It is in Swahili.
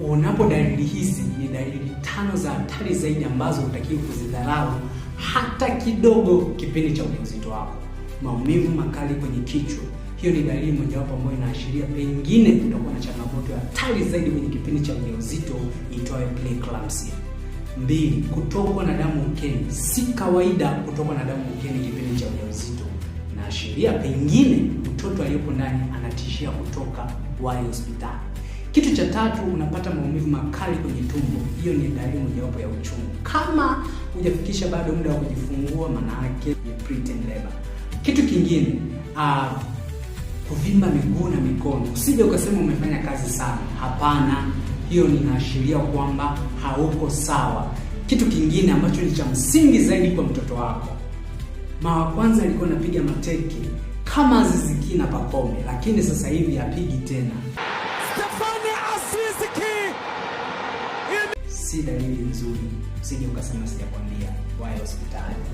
Unapo dalili hizi, ni dalili tano za hatari zaidi ambazo hutakiwi kuzidharau hata kidogo kipindi cha ujauzito wako. Maumivu makali kwenye kichwa, hiyo ni dalili mojawapo ambayo inaashiria pengine kutakuwa na changamoto ya hatari zaidi kwenye kipindi cha ujauzito itoe preeclampsia. Mbili, kutokwa na damu ukeni. Si kawaida kutokwa na damu ukeni kipindi cha ujauzito, inaashiria pengine mtoto aliyepo ndani anatishia kutoka wahi hospitali. Kitu cha tatu, unapata maumivu makali kwenye tumbo. Hiyo ni dalili mojawapo ya uchungu. Kama hujafikisha bado muda wa kujifungua, maana yake ni preterm labor. Kitu kingine uh, kuvimba miguu na mikono. Usije ukasema umefanya kazi sana, hapana. Hiyo inaashiria kwamba hauko sawa. Kitu kingine ambacho ni cha msingi zaidi kwa mtoto wako, mara kwanza alikuwa anapiga mateke kama zizikina pakome, lakini sasa hivi hapigi tena. si dalili nzuri, usije ukasema sijakwambia, wae hospitali.